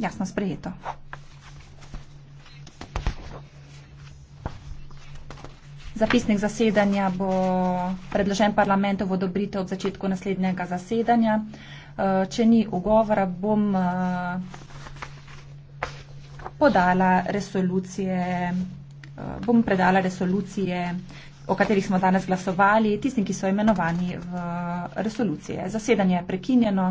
Jasno sprejeto. Zapisnik zasedanja bo predložen parlamentu v odobrite ob začetku naslednjega zasedanja. Eh, če ni ugovora, bom eh, podala resolucije, eh, bom predala resolucije, o katerih smo danes glasovali, tistim, ki so imenovani v resolucije. Zasedanje je prekinjeno.